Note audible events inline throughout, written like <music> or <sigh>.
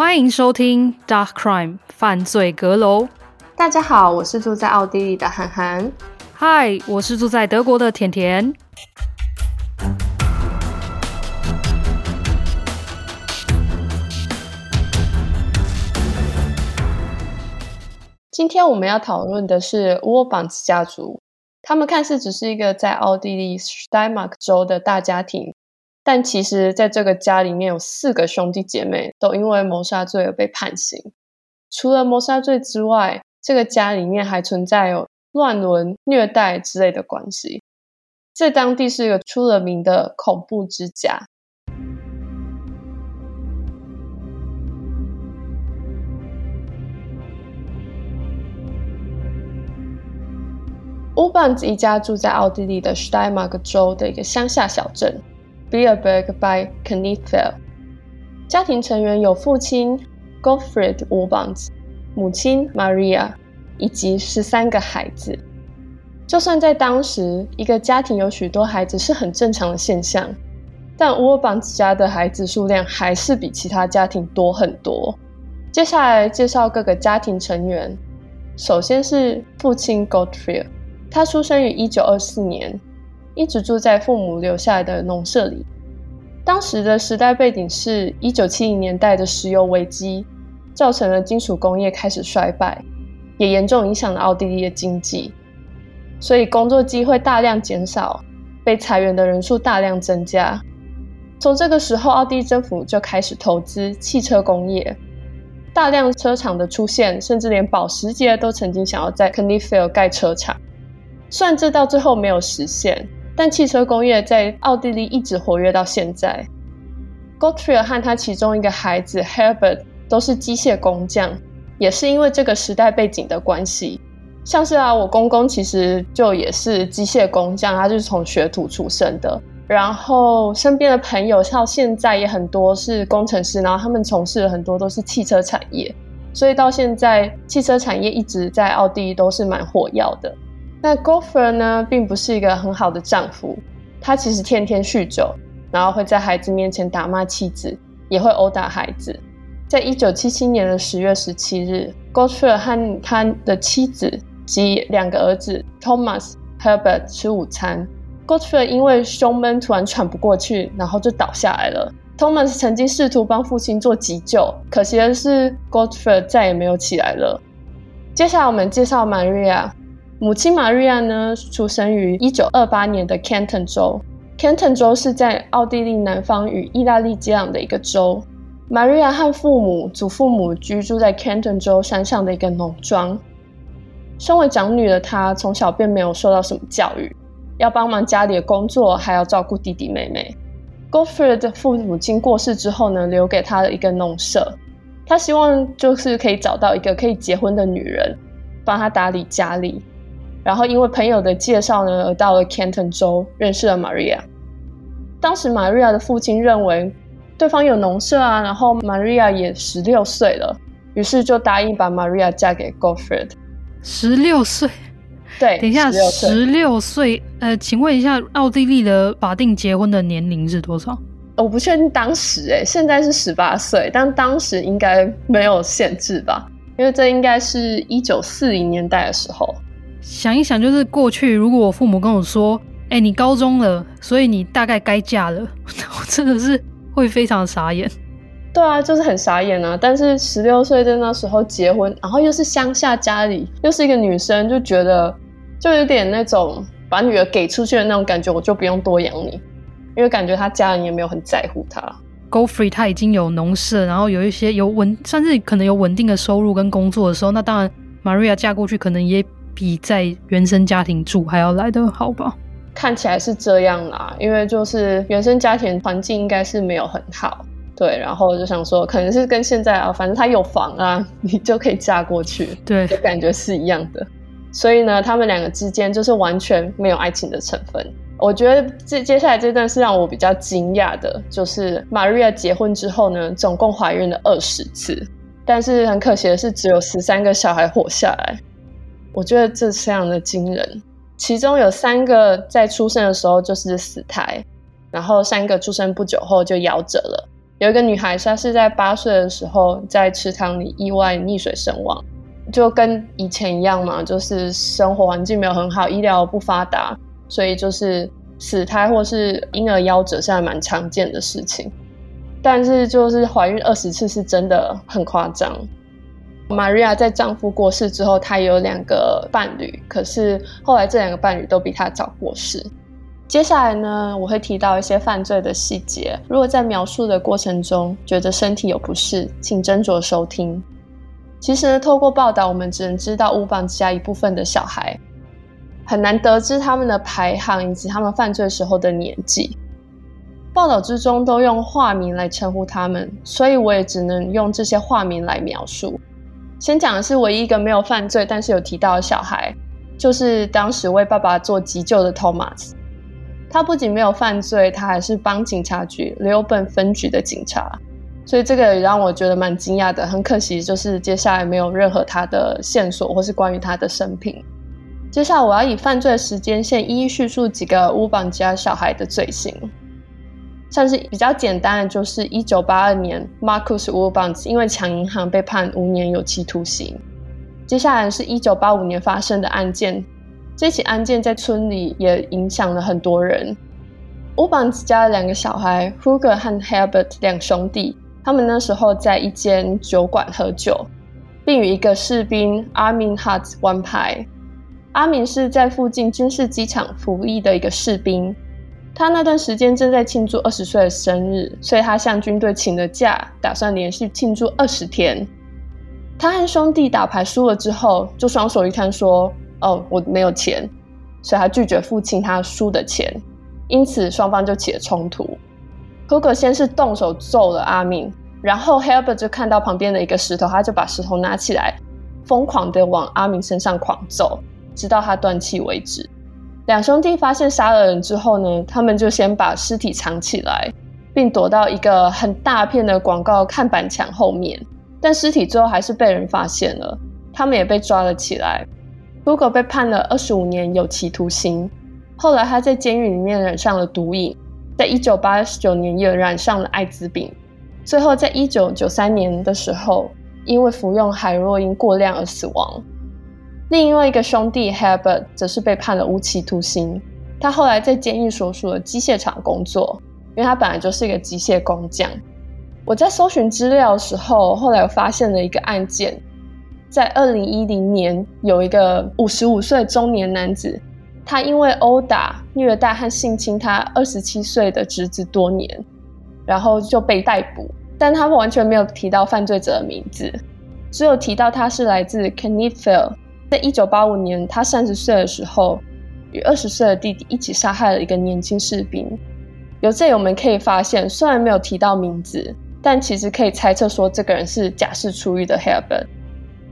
歡迎收聽《DACH Crime 犯罪閣樓》。大家好，我是住在奧地利的涵涵。嗨，Hi, 我是住在德國的甜甜。今天我們要討論的是沃邦斯家族，他們看似只是一個在奧地利施泰馬克州的大家庭。但其實，在這個家裡面有四個兄弟姐妹都因為謀殺罪而被判刑。除了謀殺罪之外，這個家裡面還存在有亂倫、虐待之類的關係。這當地是一個出了名的恐怖之家。烏本斯一家住在奧地利的施泰馬格州的一個鄉下小鎮。Bierberg by Kneifel。家庭成員有父親 Gottfried Urbanz，母親 Maria，以及十三個孩子。就算在當時，一個家庭有許多孩子是很正常的現象，但 Urbanz 家的孩子數量還是比其他家庭多很多。接下來介紹各個家庭成員。首先是父親 Gottfried，他出生於一九二四年。一直住在父母留下來的農舍裡。當時的時代背景是一九七零年代的石油危機，造成了金屬工業開始衰敗，也嚴重影響了奧地利的經濟。所以工作機會大量減少，被裁員的人數大量增加。從這個時候，奧地利政府就開始投資汽車工業，大量車廠的出現，甚至連保時捷都曾經想要在 Knittelfeld 蓋車廠，算這到最後沒有實現。但汽車工業在奧地利一直活躍到現在。Gottfried 和他其中一個孩子 Herbert 都是機械工匠，也是因為這個時代背景的關係。像是啊，我公公其實就也是機械工匠，他就是從學徒出身的。然後身邊的朋友到現在也很多是工程師，然後他們從事了很多都是汽車產業，所以到現在汽車產業一直在奧地利都是蠻火藥的。那 Golfer 呢，並不是一個很好的丈夫。他其實天天酗酒，然後會在孩子面前打罵妻子，也會毆打孩子。在一九七七年的十月十七日，Golfer 和他的妻子及兩個兒子 Thomas、Herbert 吃午餐。Golfer 因為胸悶突然喘不過去，然後就倒下來了。Thomas 曾經試圖幫父親做急救，可惜的是，Golfer 再也沒有起來了。接下來我們介紹 Maria。母親瑪瑞亞呢，出生於一九二八年的 Kanton 州。Kanton 州是在奧地利南方與意大利接壤的一個州。瑪瑞亞和父母、祖父母居住在 Kanton 州山上的一個農莊。身為長女的她，從小便沒有受到什麼教育，要幫忙家裡的工作，還要照顧弟弟妹妹。Godfrey 的父母親過世之後呢，留給她的一個農舍。她希望就是可以找到一個可以結婚的女人，幫她打理家裡。然後因為朋友的介紹呢，而到了 Canton 州認識了 Maria。當時 Maria 的父親認為對方有農舍啊，然後 Maria 也十六歲了，於是就答應把 Maria 嫁給 Gofred。十六歲，對，等一下，十六歲，十六歲，呃，請問一下，奧地利的法定結婚的年齡是多少？我不確定當時，欸，哎，現在是十八歲，但當時應該沒有限制吧？因為這應該是一九四零年代的時候。想一想，就是過去，如果我父母跟我說：“哎、欸，你高中了，所以你大概該嫁了。”我真的是會非常傻眼。對啊，就是很傻眼啊。但是十六歲在那時候結婚，然後又是鄉下家裡，又是一個女生，就覺得就有點那種把女兒給出去的那種感覺。我就不用多養你，因為感覺她家人也沒有很在乎她。Go Free，他已經有農舍，然後有一些有穩，算是可能有穩定的收入跟工作的時候，那當然，Maria 嫁過去可能也比在原生家庭住還要來得好吧？看起來是這樣啦，因為就是原生家庭環境應該是沒有很好，對。然後就想說，可能是跟現在啊，反正他有房啊，你就可以嫁過去，對，就感覺是一樣的。所以呢，他們兩個之間就是完全沒有愛情的成分。我覺得這接下來這段是讓我比較驚訝的，就是 Maria 結婚之後呢，總共懷孕了二十次，但是很可惜的是，只有十三個小孩活下來。我覺得這非常的驚人，其中有三個在出生的時候就是死胎，然後三個出生不久後就夭折了。有一個女孩，她是在八歲的時候在池塘裡意外溺水身亡，就跟以前一樣嘛，就是生活環境沒有很好，醫療不發達，所以就是死胎或是嬰兒夭折是還蠻常見的事情。但是就是懷孕二十次是真的很誇張。瑪利亞在丈夫過世之後，她也有兩個伴侶，可是後來這兩個伴侶都比她早過世。接下來呢，我會提到一些犯罪的細節。如果在描述的過程中覺得身體有不適，請斟酌收聽。其實呢，透過報道我們只能知道烏邦家一部分的小孩，很難得知他們的排行以及他們犯罪時候的年紀。報道之中都用化名來稱呼他們，所以我也只能用這些化名來描述。先講的是唯一一個沒有犯罪但是有提到的小孩，就是當時為爸爸做急救的 Thomas。他不僅沒有犯罪，他還是幫警察局 u r b n 分局的警察，所以這個讓我覺得蠻驚訝的。很可惜，就是接下來沒有任何他的線索或是關於他的生平。接下來我要以犯罪的時間線一一敘述幾個烏本家小孩的罪行。像是比較簡單的，就是一九八二年，Marcus Urbanz 因為搶銀行被判五年有期徒刑。接下來是一九八五年發生的案件，這起案件在村裡也影響了很多人。Urbanz 家的兩個小孩，Huger 和 Herbert 兩兄弟，他們那時候在一間酒館喝酒，並與一個士兵阿明 Hut 玩牌。阿明是在附近軍事機場服役的一個士兵。他那段時間正在慶祝二十歲的生日，所以他向軍隊請了假，打算連續慶祝二十天。他和兄弟打牌輸了之後，就雙手一攤說：“哦，我沒有錢。”所以，他拒絕付清他輸的錢，因此雙方就起了衝突。哥哥先是動手揍了阿明，然後海爾伯就看到旁邊的一個石頭，他就把石頭拿起來，瘋狂的往阿明身上狂揍，直到他斷氣為止。兩兄弟發現殺了人之後呢，他們就先把屍體藏起來，並躲到一個很大片的廣告看板牆後面。但屍體最後還是被人發現了，他們也被抓了起來。Google 被判了二十五年有期徒刑。後來他在監獄裡面染上了毒癮，在一九八九年也染上了艾滋病。最後在一九九三年的時候，因為服用海洛因過量而死亡。另外一,一個兄弟 Herbert 則是被判了無期徒刑。他後來在監獄所屬的機械廠工作，因為他本來就是一個機械工匠。我在搜尋資料的時候，後來我發現了一個案件，在二零一零年，有一個五十五歲中年男子，他因為毆打、虐待和性侵他二十七歲的侄子多年，然後就被逮捕。但他們完全沒有提到犯罪者的名字，只有提到他是來自 Knittelfeld 在一九八五年，他三十歲的時候，與二十歲的弟弟一起殺害了一個年輕士兵。由這裡我們可以發現，雖然沒有提到名字，但其實可以猜測說，這個人是假釋出獄的 Harper。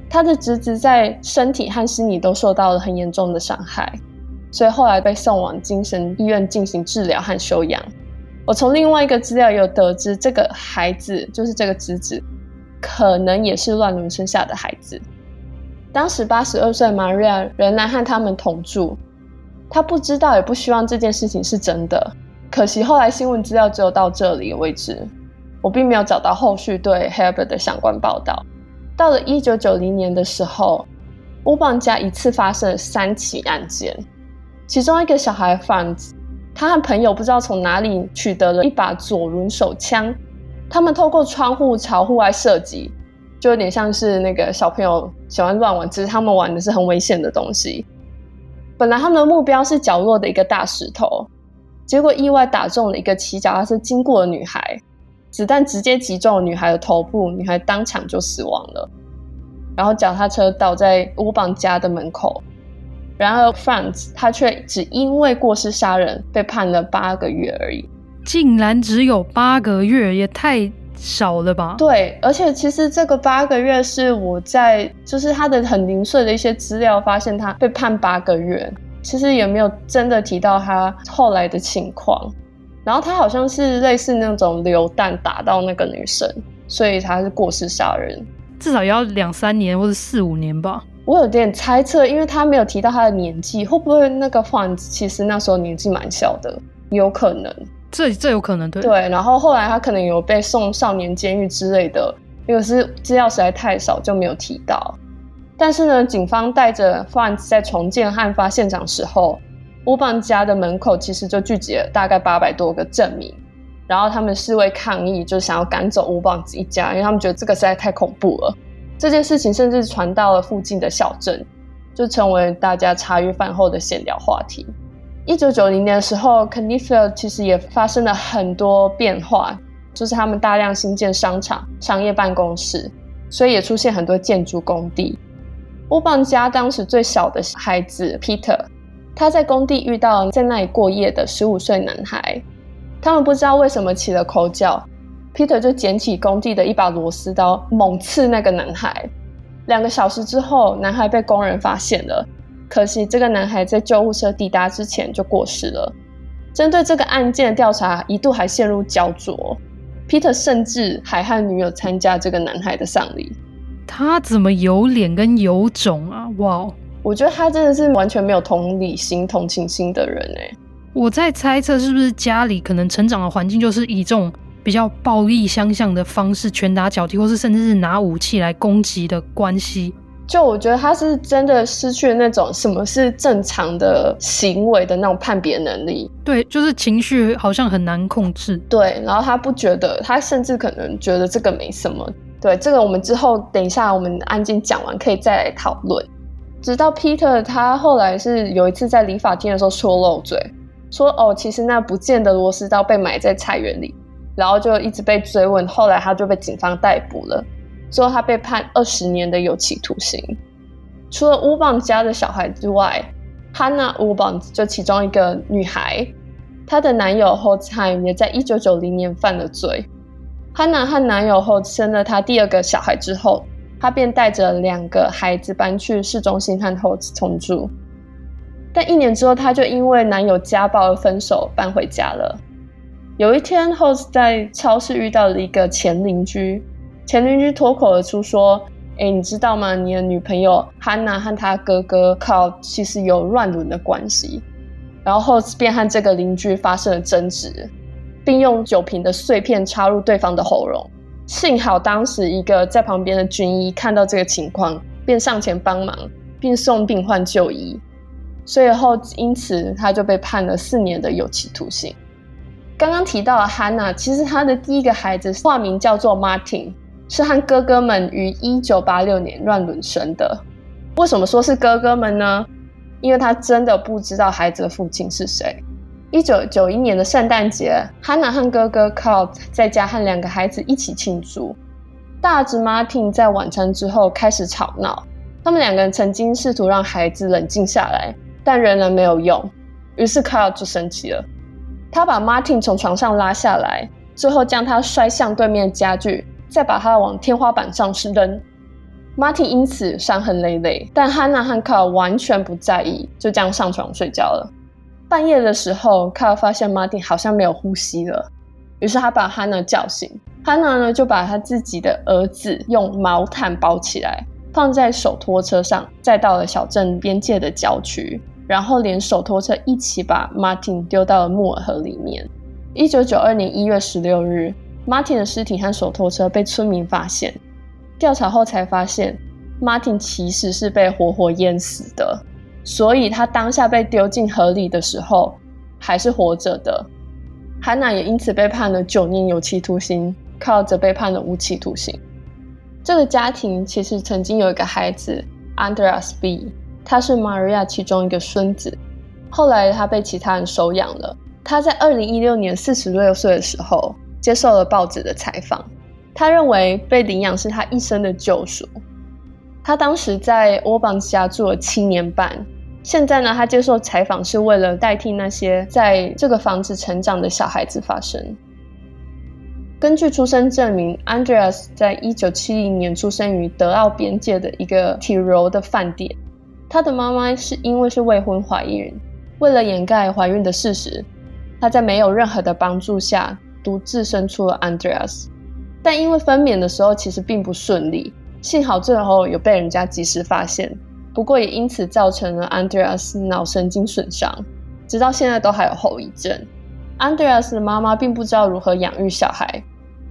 他的侄子在身體和心理都受到了很嚴重的傷害，所以後來被送往精神醫院進行治療和修養。我從另外一個資料也有得知，這個孩子就是這個侄子，可能也是亂倫生下的孩子。當時八十二歲的 Maria 仍然和他們同住，她不知道也不希望這件事情是真的。可惜後來新聞資料只有到這裡為止，我並沒有找到後續對 Herbert 的相關報道。到了一九九零年的時候，烏邦家一次發生了三起案件，其中一個小孩 Franz，他和朋友不知道從哪裡取得了一把左輪手槍，他們透過窗戶朝戶外射擊。就有點像是那個小朋友喜歡亂玩，只是他們玩的是很危險的東西。本來他們的目標是角落的一個大石頭，結果意外打中了一個騎腳踏車經過的女孩，子彈直接擊中了女孩的頭部，女孩當場就死亡了。然後腳踏車倒在烏邦家的門口，然而 Franz 他卻只因為過失殺人被判了八個月而已，竟然只有八個月，也太……少了吧？對，而且其實這個八個月是我在就是他的很零碎的一些資料，發現他被判八個月，其實也沒有真的提到他後來的情況。然後他好像是類似那種流彈打到那個女生，所以他是過失殺人，至少也要兩三年或者四五年吧。我有點猜測，因為他沒有提到他的年紀，會不會那個患者其實那時候年紀蠻小的？有可能。這這有可能對，對，然後後來他可能有被送少年監獄之類的，因為是資料實在太少，就沒有提到。但是呢，警方帶着犯人在重建案發現場的時候，烏邦對家的門口其實就聚集了大概八百多個鎮民，然後他們示威抗議，就想要趕走烏邦子一家，因為他們覺得這個實在太恐怖了。這件事情甚至傳到了附近的小鎮，就成為大家茶餘飯後的閒聊話題。一九九零年的時候，Knittelfeld 其實也發生了很多變化，就是他們大量新建商場、商業辦公室，所以也出現很多建築工地。烏邦家當時最小的孩子 Peter，他在工地遇到了在那裡過夜的十五歲男孩，他們不知道為什麼起了口角，Peter 就撿起工地的一把螺絲刀，猛刺那個男孩。兩個小時之後，男孩被工人發現了。可惜，這個男孩在救護車抵達之前就過世了。針對這個案件的調查一度還陷入焦灼。Peter 甚至還和女友參加這個男孩的喪禮。他怎麼有臉跟有種啊？哇、wow，我覺得他真的是完全沒有同理心、同情心的人哎、欸。我在猜測，是不是家裡可能成長的環境就是以這種比較暴力相向的方式，拳打腳踢，或是甚至是拿武器來攻擊的關係。就我覺得他是真的失去了那種什麼是正常的行為的那種判別能力。對，就是情緒好像很難控制。對，然後他不覺得，他甚至可能覺得這個沒什麼。對，這個我們之後等一下我們案件講完可以再來討論。直到 Peter 他後來是有一次在理髮廳的時候說漏嘴，說哦，其實那不見的螺絲刀被埋在菜園裡，然後就一直被追問，後來他就被警方逮捕了。最後，他被判二十年的有期徒刑。除了烏棒家的小孩之外，哈娜烏棒就其中一個女孩，她的男友 Holt 也在一九九零年犯了罪。哈娜和男友 Holt 生了她第二個小孩之後，她便帶着兩個孩子搬去市中心和 Holt 同住。但一年之後，她就因為男友家暴而分手，搬回家了。有一天，Holt 在超市遇到了一個前鄰居。前鄰居脫口而出說：“哎、欸，你知道嗎？你的女朋友 Hanna 和她哥哥靠其實有亂倫的關係。”然後便和這個鄰居發生了爭執，並用酒瓶的碎片插入對方的喉嚨。幸好當時一個在旁邊的軍醫看到這個情況，便上前幫忙並送病患就醫。所以後因此他就被判了四年的有期徒刑。剛剛提到了 Hanna，其實她的第一個孩子化名叫做 Martin。是和哥哥們於一九八六年亂倫生的。為什麼說是哥哥們呢？因為他真的不知道孩子的父親是誰。一九九一年的聖誕節，漢娜和哥哥 Carl 在家和兩個孩子一起慶祝。大侄 Martin 在晚餐之後開始吵鬧，他們兩個人曾經試圖讓孩子冷靜下來，但仍然沒有用。於是 Carl 就生氣了，他把 Martin 從床上拉下來，最後將他摔向對面的家具。再把他往天花板上扔，Martin 因此傷痕累累，但 Hannah 和 Carl 完全不在意，就這樣上床睡覺了。半夜的時候，Carl 發現 Martin 好像沒有呼吸了，於是他把 Hannah 叫醒，Hannah 呢就把他自己的兒子用毛毯包起來，放在手拖車上，載到了小鎮邊界的郊區，然後連手拖車一起把 Martin 丟到了穆爾河裡面。一九九二年一月十六日。Martin 的屍體和手拖車被村民發現。調查後才發現，Martin 其實是被活活淹死的。所以他當下被丟進河裡的時候，還是活着的。韓娜也因此被判了九年有期徒刑，Carl 則被判了無期徒刑。這個家庭其實曾經有一個孩子 Andreas B，他是 Maria 其中一個孫子。後來他被其他人收養了。他在二零一六年四十六歲的時候。接受了報紙的採訪，他認為被領養是他一生的救贖。他當時在 Urbanz 家住了七年半，現在呢，他接受採訪是為了代替那些在這個房子成長的小孩子發聲。根據出生證明，Andreas 在一九七零年出生於德奧邊界的一個提柔的飯店。他的媽媽是因為是未婚懷孕，為了掩蓋懷孕的事實，他在沒有任何的幫助下，獨自生出了 Andreas，但因為分娩的時候其實並不順利，幸好最後有被人家及時發現，不過也因此造成了 Andreas 腦神經損傷，直到現在都還有後遺症。Andreas 的媽媽並不知道如何養育小孩，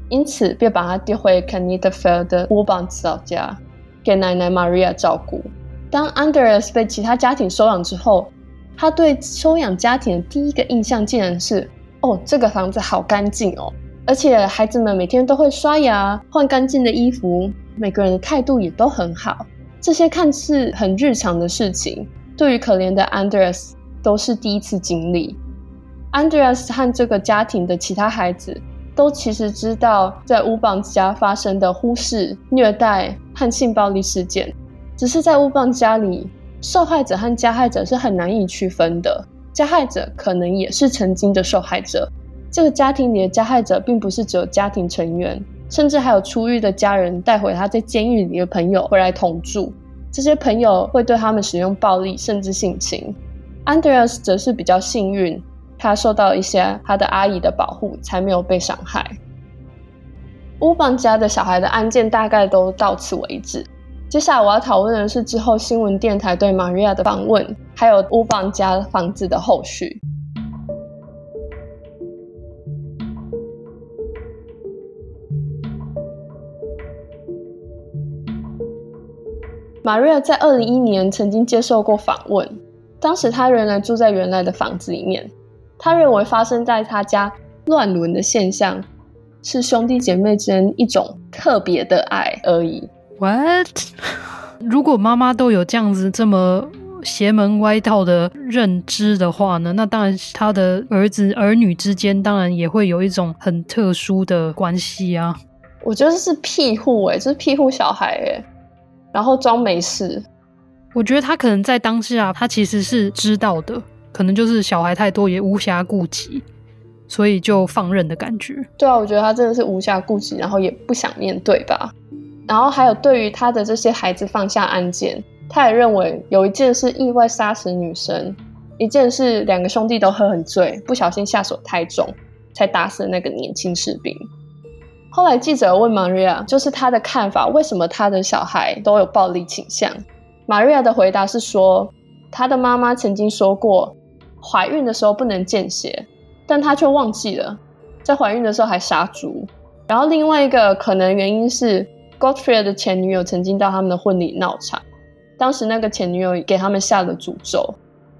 因此便把他丟回 Knittelfeld 的 Urbanz 老家，給奶奶 Maria 照顧。當 Andreas 被其他家庭收養之後，他對收養家庭的第一個印象竟然是。哦，這個房子好乾淨哦，而且孩子們每天都會刷牙，換乾淨的衣服，每個人的態度也都很好。這些看似很日常的事情，對於可憐的 Andreas 都是第一次經歷。Andreas 和這個家庭的其他孩子都其實知道在烏邦家發生的忽視、虐待和性暴力事件，只是在烏邦家裡，受害者和加害者是很難以區分的。加害者可能也是曾經的受害者。這個家庭裡的加害者並不是只有家庭成員，甚至還有出獄的家人帶回他在監獄裡的朋友回來同住。這些朋友會對他們使用暴力，甚至性侵。安德烈斯則是比較幸運，他受到一些他的阿姨的保護，才沒有被傷害。屋房家的小孩的案件大概都到此為止。接下來我要討論的是之後新聞電台對瑪利亞的訪問。還有烏邦家房子的後續。瑪瑞爾在二零一一年曾經接受過訪問，當時他原來住在原來的房子裡面。他認為發生在他家亂倫的現象，是兄弟姐妹之間一種特別的愛而已。What？ <laughs> 如果媽媽都有這樣子這麼。邪門歪道的認知的話呢，那當然，他的兒子兒女之間當然也會有一種很特殊的關係啊。我覺得這是庇護、欸，哎，就是庇護小孩、欸，哎，然後裝沒事。我覺得他可能在當下，他其實是知道的，可能就是小孩太多也無暇顧及，所以就放任的感覺。對啊，我覺得他真的是無暇顧及，然後也不想面對吧。然後還有對於他的這些孩子放下案件。他也認為有一件事意外殺死女生，一件事兩個兄弟都喝很醉，不小心下手太重才打死那個年輕士兵。後來記者問 Maria 就是他的看法，為什麼他的小孩都有暴力傾向？Maria 的回答是說，他的媽媽曾經說過，懷孕的時候不能見血，但他卻忘記了在懷孕的時候還殺豬。然後另外一個可能原因是，Godfrey 的前女友曾經到他們的婚禮鬧場。當時那個前女友給他們下了詛咒，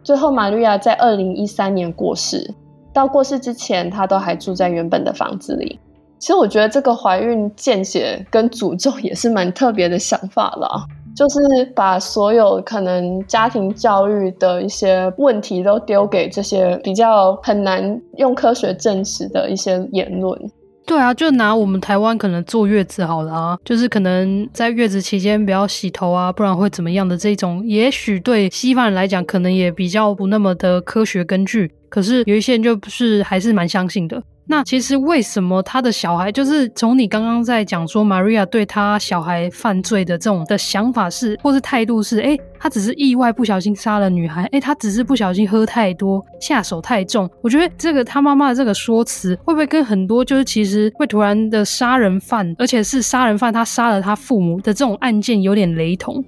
最後瑪利亞在二零一三年過世。到過世之前，她都還住在原本的房子裡。其實我覺得這個懷孕見解跟詛咒也是蠻特別的想法啦，就是把所有可能家庭教育的一些問題都丟給這些比較很難用科學證實的一些言論。對啊，就拿我們台灣可能坐月子好了啊，就是可能在月子期間不要洗頭啊，不然會怎麼樣的這種，也許對西方人來講，可能也比較不那麼的科學根據。可是有一些人就是還是蠻相信的。那其實為什麼他的小孩就是從你剛剛在講說，Maria 對他小孩犯罪的這種的想法是，或是態度是，誒、欸、他只是意外不小心殺了女孩，誒、欸、他只是不小心喝太多，下手太重。我覺得這個他媽媽的這個說辭，會不會跟很多就是其實會突然的殺人犯，而且是殺人犯他殺了他父母的這種案件有點雷同？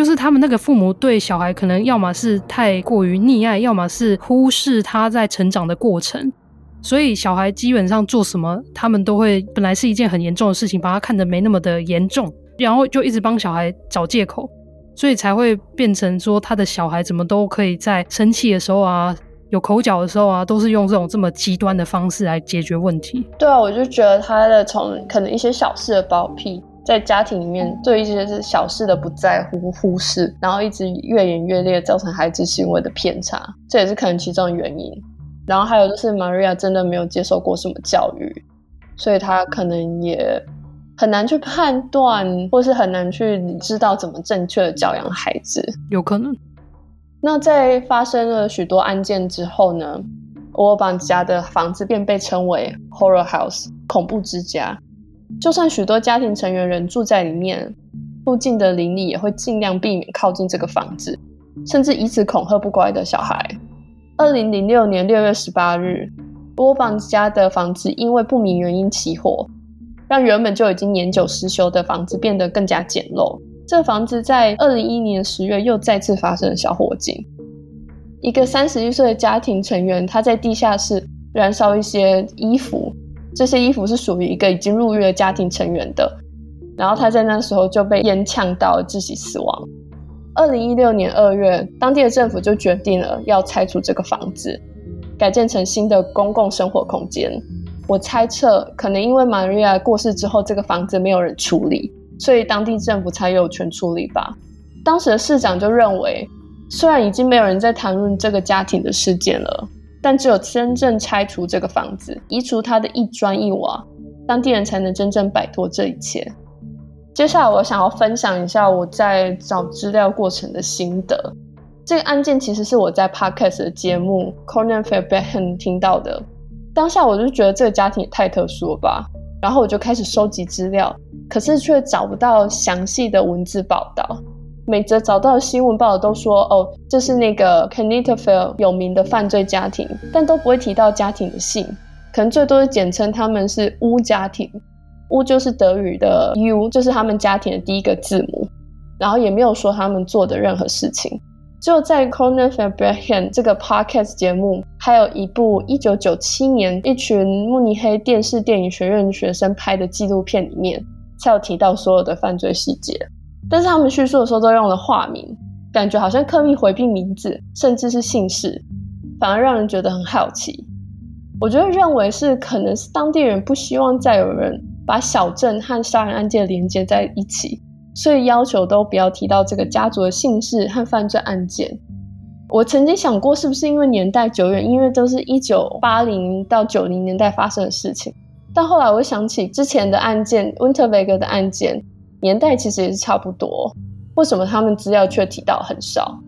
就是他們那個父母對小孩，可能要麼是太過於溺愛，要麼是忽視他在成長的過程，所以小孩基本上做什麼，他們都會本來是一件很嚴重的事情，把他看得沒那麼的嚴重，然後就一直幫小孩找借口，所以才會變成說他的小孩怎麼都可以在生氣的時候啊，有口角的時候啊，都是用這種這麼極端的方式來解決問題。對啊，我就覺得他的從可能一些小事的包庇。在家庭裡面對一些小事的不在乎、忽視，然後一直越演越烈，造成孩子行為的偏差，這也是可能其中的原因。然後還有就是 Maria 真的沒有接受過什麼教育，所以她可能也很難去判斷，或是很難去知道怎麼正確的教養孩子，有可能。那在發生了許多案件之後呢，歐 b 家的房子便被稱為 Horror House（ 恐怖之家）。就算許多家庭成員人住在裡面，附近的鄰里也會儘量避免靠近這個房子，甚至以此恐嚇不乖的小孩。二零零六年六月十八日，波房家的房子因為不明原因起火，讓原本就已經年久失修的房子變得更加簡陋。這房子在二零一一年十月又再次發生了小火警，一個三十一歲的家庭成員他在地下室燃燒一些衣服。這些衣服是屬於一個已經入獄的家庭成員的，然後他在那時候就被煙嗆到窒息死亡。二零一六年二月，當地的政府就決定了要拆除這個房子，改建成新的公共生活空間。我猜測，可能因為 Maria 過世之後，這個房子沒有人處理，所以當地政府才有權處理吧。當時的市長就認為，雖然已經沒有人在談論這個家庭的事件了。但只有真正拆除這個房子、移除它的一磚一瓦，當地人才能真正擺脫這一切。接下來，我想要分享一下我在找資料過程的心得。這個案件其實是我在 podcast 的節目《Conan Fairbairn》聽到的。當下我就覺得這個家庭也太特殊了吧，然後我就開始收集資料，可是卻找不到詳細的文字報道。每則找到的新聞報道都說：“哦，這是那個 Knittelfeld 有名的犯罪家庭，但都不會提到家庭的姓，可能最多是簡稱他們是烏家庭，烏就是德語的 U，就是他們家庭的第一個字母。”然後也沒有說他們做的任何事情，只有在 Kurt Fabian 這個 Podcast 節目，還有一部1997年一群慕尼黑電視電影學院學生拍的紀錄片裡面，才有提到所有的犯罪細節。但是他們敘述的時候都用了化名，感覺好像刻意回避名字，甚至是姓氏，反而讓人覺得很好奇。我就會認為是可能是當地人不希望再有人把小鎮和殺人案件連接在一起，所以要求都不要提到這個家族的姓氏和犯罪案件。我曾經想過是不是因為年代久遠，因為都是一九八零到九零年代發生的事情，但後來我想起之前的案件，溫特維格的案件。年代其實也是差不多，為什麼他們資料卻提到很少？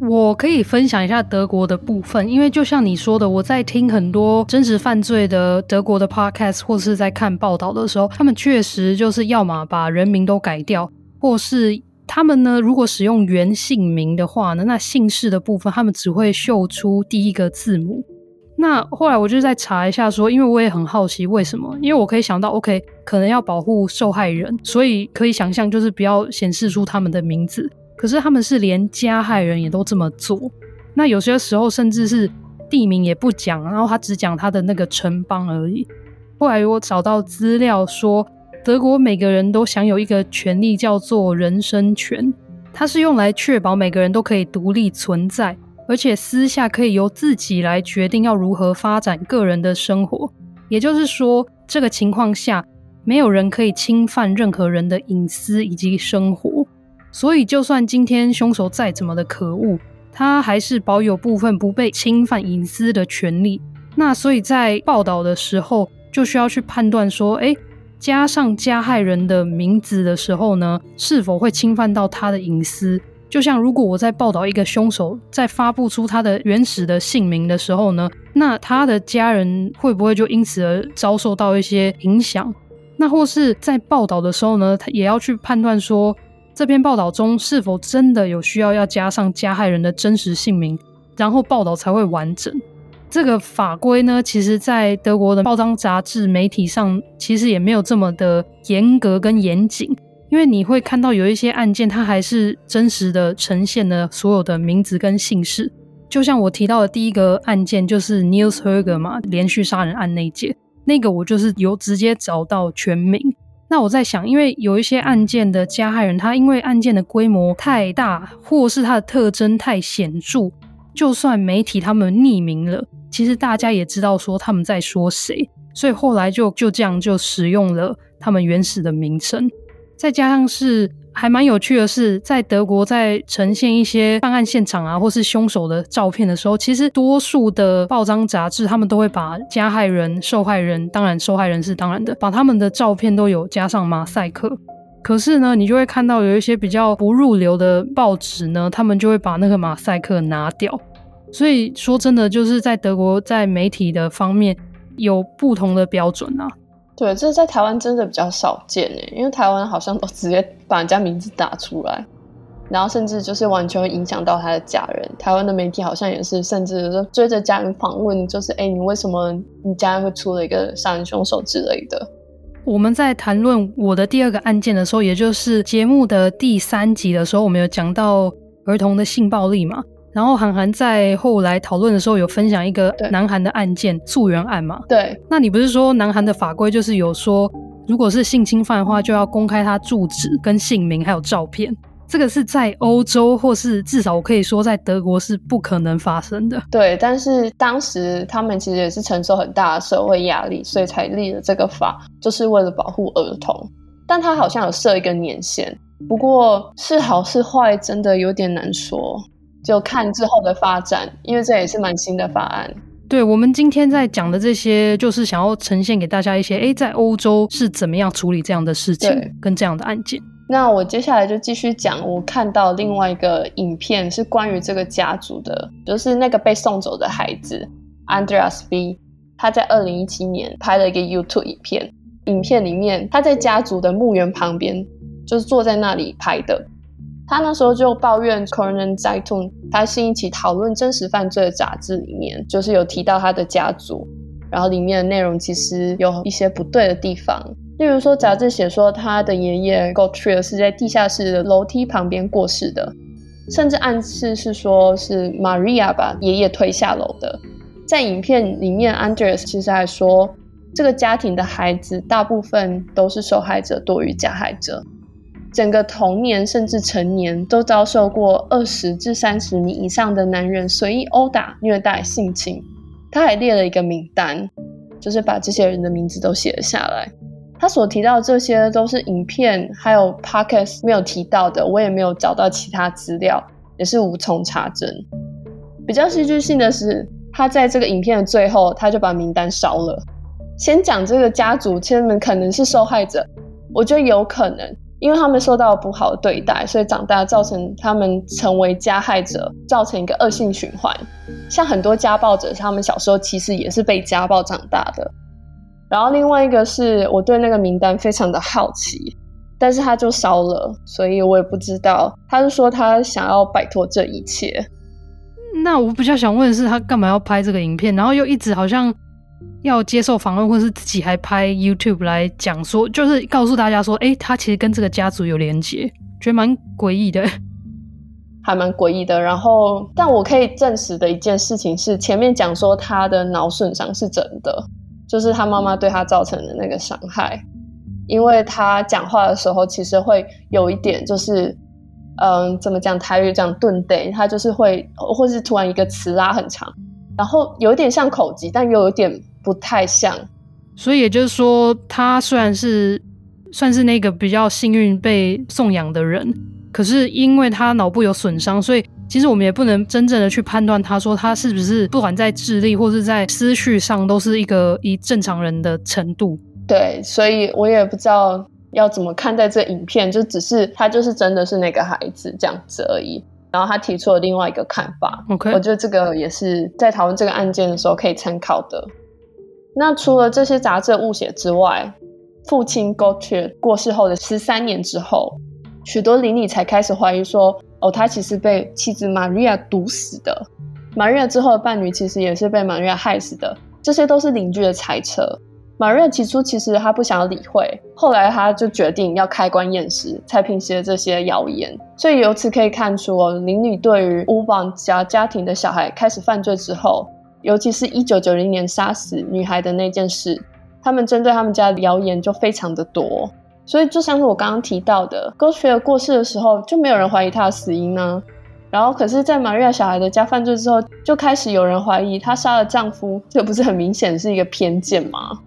我可以分享一下德國的部分，因為就像你說的，我在聽很多真實犯罪的德國的 podcast，或是在看報道的時候，他們確實就是要麼把人名都改掉，或是他們呢，如果使用原姓名的話呢，那姓氏的部分他們只會秀出第一個字母。那後來我就再查一下，說，因為我也很好奇為什麼，因為我可以想到，OK，可能要保護受害人，所以可以想象就是不要顯示出他們的名字。可是他們是連加害人也都這麼做，那有些時候甚至是地名也不講，然後他只講他的那個城邦而已。後來我找到資料說，德國每個人都享有一個權利叫做人身權，它是用來確保每個人都可以獨立存在。而且私下，可以由自己來決定要如何發展個人的生活，也就是說，這個情況下沒有人可以侵犯任何人的隱私以及生活。所以，就算今天兇手再怎麼的可惡，他還是保有部分不被侵犯隱私的權利。那所以，在報道的時候就需要去判斷說，誒，加上加害人的名字的時候呢，是否會侵犯到他的隱私？就像如果我在報道一個兇手，在發佈出他的原始的姓名的時候呢，那他的家人會不會就因此而遭受到一些影響？那或是在報道的時候呢，他也要去判斷說這篇報道中是否真的有需要要加上加害人的真實姓名，然後報道才會完整。這個法規呢，其實在德國的報章、雜誌、媒體上，其實也沒有這麼的嚴格跟嚴謹。因為你會看到有一些案件，它還是真實的呈現了所有的名字跟姓氏。就像我提到的第一個案件，就是 Niels Högel 嘛，連續殺人案那件，那個我就是有直接找到全名。那我在想，因為有一些案件的加害人，他因為案件的規模太大，或是他的特徵太顯著，就算媒體他們匿名了，其實大家也知道說他們在說誰，所以後來就就這樣就使用了他們原始的名稱。再加上是，還蠻有趣的是，在德國在呈現一些犯案現場啊，或是兇手的照片的時候，其實多數的報章雜誌他們都會把加害人、受害人，當然受害人是當然的，把他們的照片都有加上馬賽克。可是呢，你就會看到有一些比較不入流的報紙呢，他們就會把那個馬賽克拿掉。所以說真的就是在德國在媒體的方面有不同的標準啊。對，這是在台灣真的比較少見哎，因為台灣好像都直接把人家名字打出來，然後甚至就是完全會影響到他的家人。台灣的媒體好像也是，甚至說追着家人訪問，就是哎，你為什麼你家人會出了一個殺人凶手之類的。我們在談論我的第二個案件的時候，也就是節目的第三集的時候，我們有講到兒童的性暴力嘛。然後韓寒在後來討論的時候，有分享一個南韓的案件素媛對案嘛？對，那你不是說南韓的法規就是有說，如果是性侵犯的話，就要公開他住址、跟姓名還有照片。這個是在歐洲或是至少我可以說在德國是不可能發生的。對，但是當時他們其實也是承受很大的社會壓力，所以才立了這個法，就是為了保護兒童。但他好像有設一個年限，不過是好是壞，真的有點難說。就看之後的發展，因為這也是蠻新的法案。對，我們今天在講的這些，就是想要呈現給大家一些，哎、欸，在歐洲是怎麼樣處理這樣的事情對跟這樣的案件。那我接下來就繼續講，我看到另外一個影片，是關於這個家族的，就是那個被送走的孩子 Andreas B，他在二零一七年拍了一個 YouTube 影片，影片裡面他在家族的墓園旁邊，就是坐在那裡拍的。他那時候就抱怨《Kronen Zeitung》，他是一起討論真實犯罪的雜誌，裡面就是有提到他的家族，然後裡面的內容其實有一些不對的地方。例如說，雜誌寫說他的爺爺 g o a t r i l 是在地下室的樓梯旁邊過世的，甚至暗示是說是 Maria 把爺爺推下樓的。在影片裡面，Andreas 其實還說，這個家庭的孩子大部分都是受害者多於加害者。整個童年甚至成年都遭受過二十至三十名以上的男人隨意毆打、虐待、性侵。他還列了一個名單，就是把這些人的名字都寫了下來。他所提到的這些都是影片還有 podcast 沒有提到的，我也沒有找到其他資料，也是無從查證。比較戲劇性的是，他在這個影片的最後，他就把名單燒了。先講這個家族，真的可能是受害者，我覺得有可能。因為他們受到不好的對待，所以長大造成他們成為加害者，造成一個惡性循環。像很多家暴者，他們小時候其實也是被家暴長大的。然後另外一個是我對那個名單非常的好奇，但是他就燒了，所以我也不知道，他就說他想要擺脫這一切。那我比較想問的是，他幹嘛要拍這個影片？然後又一直好像。要接受訪問，或是自己還拍 YouTube 來講說，就是告訴大家說，哎、欸，他其實跟這個家族有連結，覺得蠻詭異的，還蠻詭異的。然後，但我可以證實的一件事情是，前面講說他的腦損傷是真的，就是他媽媽對他造成的那個傷害，因為他講話的時候其實會有一點，就是，嗯，怎麼講？台語講頓的，他就是會，或是突然一個詞拉很長，然後有一點像口疾，但又有點。不太像，所以也就是說，他雖然是算是那個比較幸運被送養的人，可是因為他腦部有損傷，所以其實我們也不能真正的去判斷，他說他是不是不管在智力或是在思緒上，都是一個一正常人的程度。對，所以我也不知道要怎麼看待這影片，就只是他就是真的是那個孩子這樣子而已。然後他提出了另外一個看法，Okay. 我覺得這個也是在討論這個案件的時候可以參考的。那除了這些雜誌誤寫之外，父親 Gottier 過世後的十三年之後，許多鄰里才開始懷疑說，哦，他其實被妻子 Maria 毒死的。Maria 之後的伴侶其實也是被 Maria 害死的，這些都是鄰居的猜測。Maria 起初其實她不想要理會，後來她就決定要開棺驗屍，才平息了這些謠言。所以由此可以看出，哦，鄰里對於 Urbanz 家庭的小孩開始犯罪之後。尤其是1990年殺死女孩的那件事，他們針對他們家的謠言就非常的多，所以就像是我剛剛提到的 Gustave 過世的時候就沒有人懷疑他的死因呢、啊。然後可是，在 Maria 小孩的家犯罪之後，就開始有人懷疑她殺了丈夫，這不是很明顯是一個偏見嗎？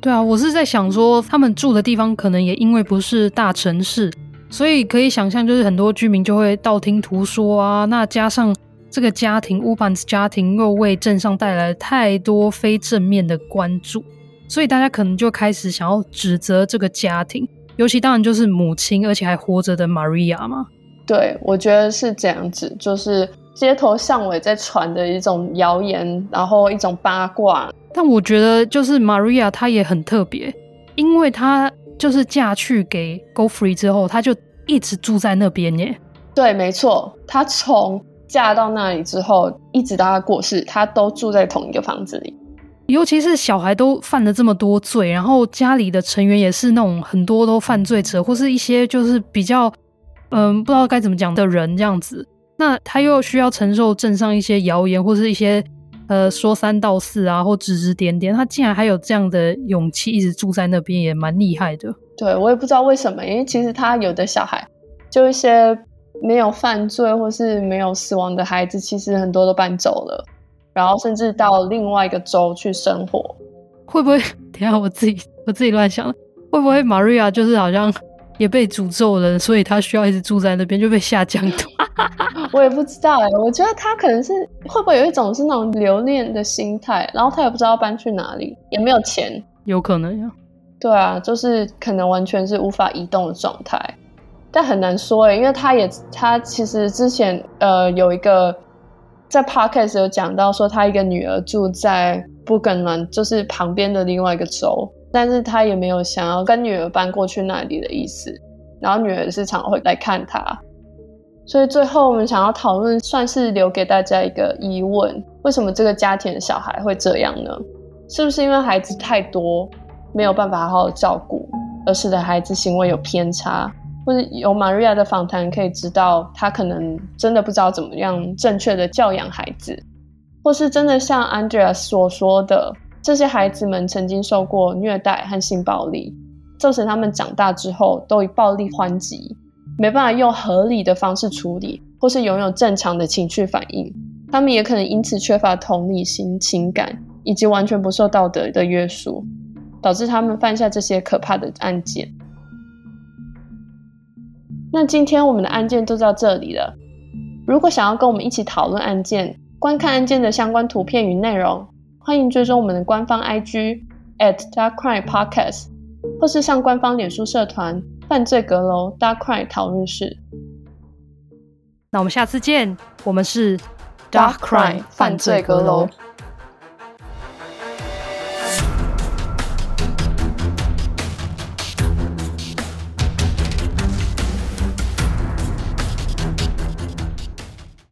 對啊，我是在想說，他們住的地方可能也因為不是大城市，所以可以想象就是很多居民就會道聽途說啊，那加上，這個家庭，烏班的家庭又為鎮上帶來太多非正面的關注，所以大家可能就開始想要指責這個家庭，尤其當然就是母親，而且還活着的瑪瑞亞嘛。對，我覺得是這樣子，就是街頭巷尾在傳的一種謠言，然後一種八卦。但我覺得就是瑪瑞亞她也很特別，因為她就是嫁去給 Go Free 之後，她就一直住在那邊耶。對，沒錯，她從嫁到那裡之後，一直到他過世，他都住在同一個房子裡。尤其是小孩都犯了這麼多罪，然後家裡的成員也是那種很多都犯罪者，或是一些就是比較嗯、呃、不知道該怎麼講的人這樣子。那他又需要承受鎮上一些謠言，或是一些呃說三道四啊，或指指點點。他竟然還有這樣的勇氣，一直住在那邊也蠻厲害的。對，我也不知道為什麼，因為其實他有的小孩就一些。沒有犯罪或是沒有死亡的孩子，其實很多都搬走了，然後甚至到另外一個州去生活。會不會？等下我自己，我自己亂想了，會不會瑪利亞就是好像也被詛咒了，所以他需要一直住在那邊就被下降？ <laughs> <laughs> 我也不知道哎，我覺得他可能是會不會有一種是那種留戀的心態，然後他也不知道搬去哪裡，也沒有錢，有可能呀、啊？對啊，就是可能完全是無法移動的狀態。但很難說誒、欸、因為他也他其實之前呃有一個在 podcast 有講到說他一個女兒住在布根蘭，就是旁邊的另外一個州，但是他也沒有想要跟女兒搬過去那裡的意思。然後女兒是常，常會來看他，所以最後我們想要討論，算是留給大家一個疑問：為什麼這個家庭的小孩會這樣呢？是不是因為孩子太多，沒有辦法好好照顧，而使得孩子行為有偏差？或是由 Maria 的訪談可以知道，她可能真的不知道怎麼樣正確的教養孩子，或是真的像 Andrea 所說的，這些孩子們曾經受過虐待和性暴力，造成他們長大之後都以暴力還擊，沒辦法用合理的方式處理，或是擁有正常的情緒反應。他們也可能因此缺乏同理心、情感以及完全不受道德的約束，導致他們犯下這些可怕的案件。那今天我們的案件就到這裡了。如果想要跟我們一起討論案件、觀看案件的相關圖片與內容，歡迎追蹤我們的官方 IG at DACHCrimePodcast，或是上官方臉書社團“犯罪閣樓 DACH Crime 討論室”。那我們下次見，我們是 DACH Crime 犯罪閣樓。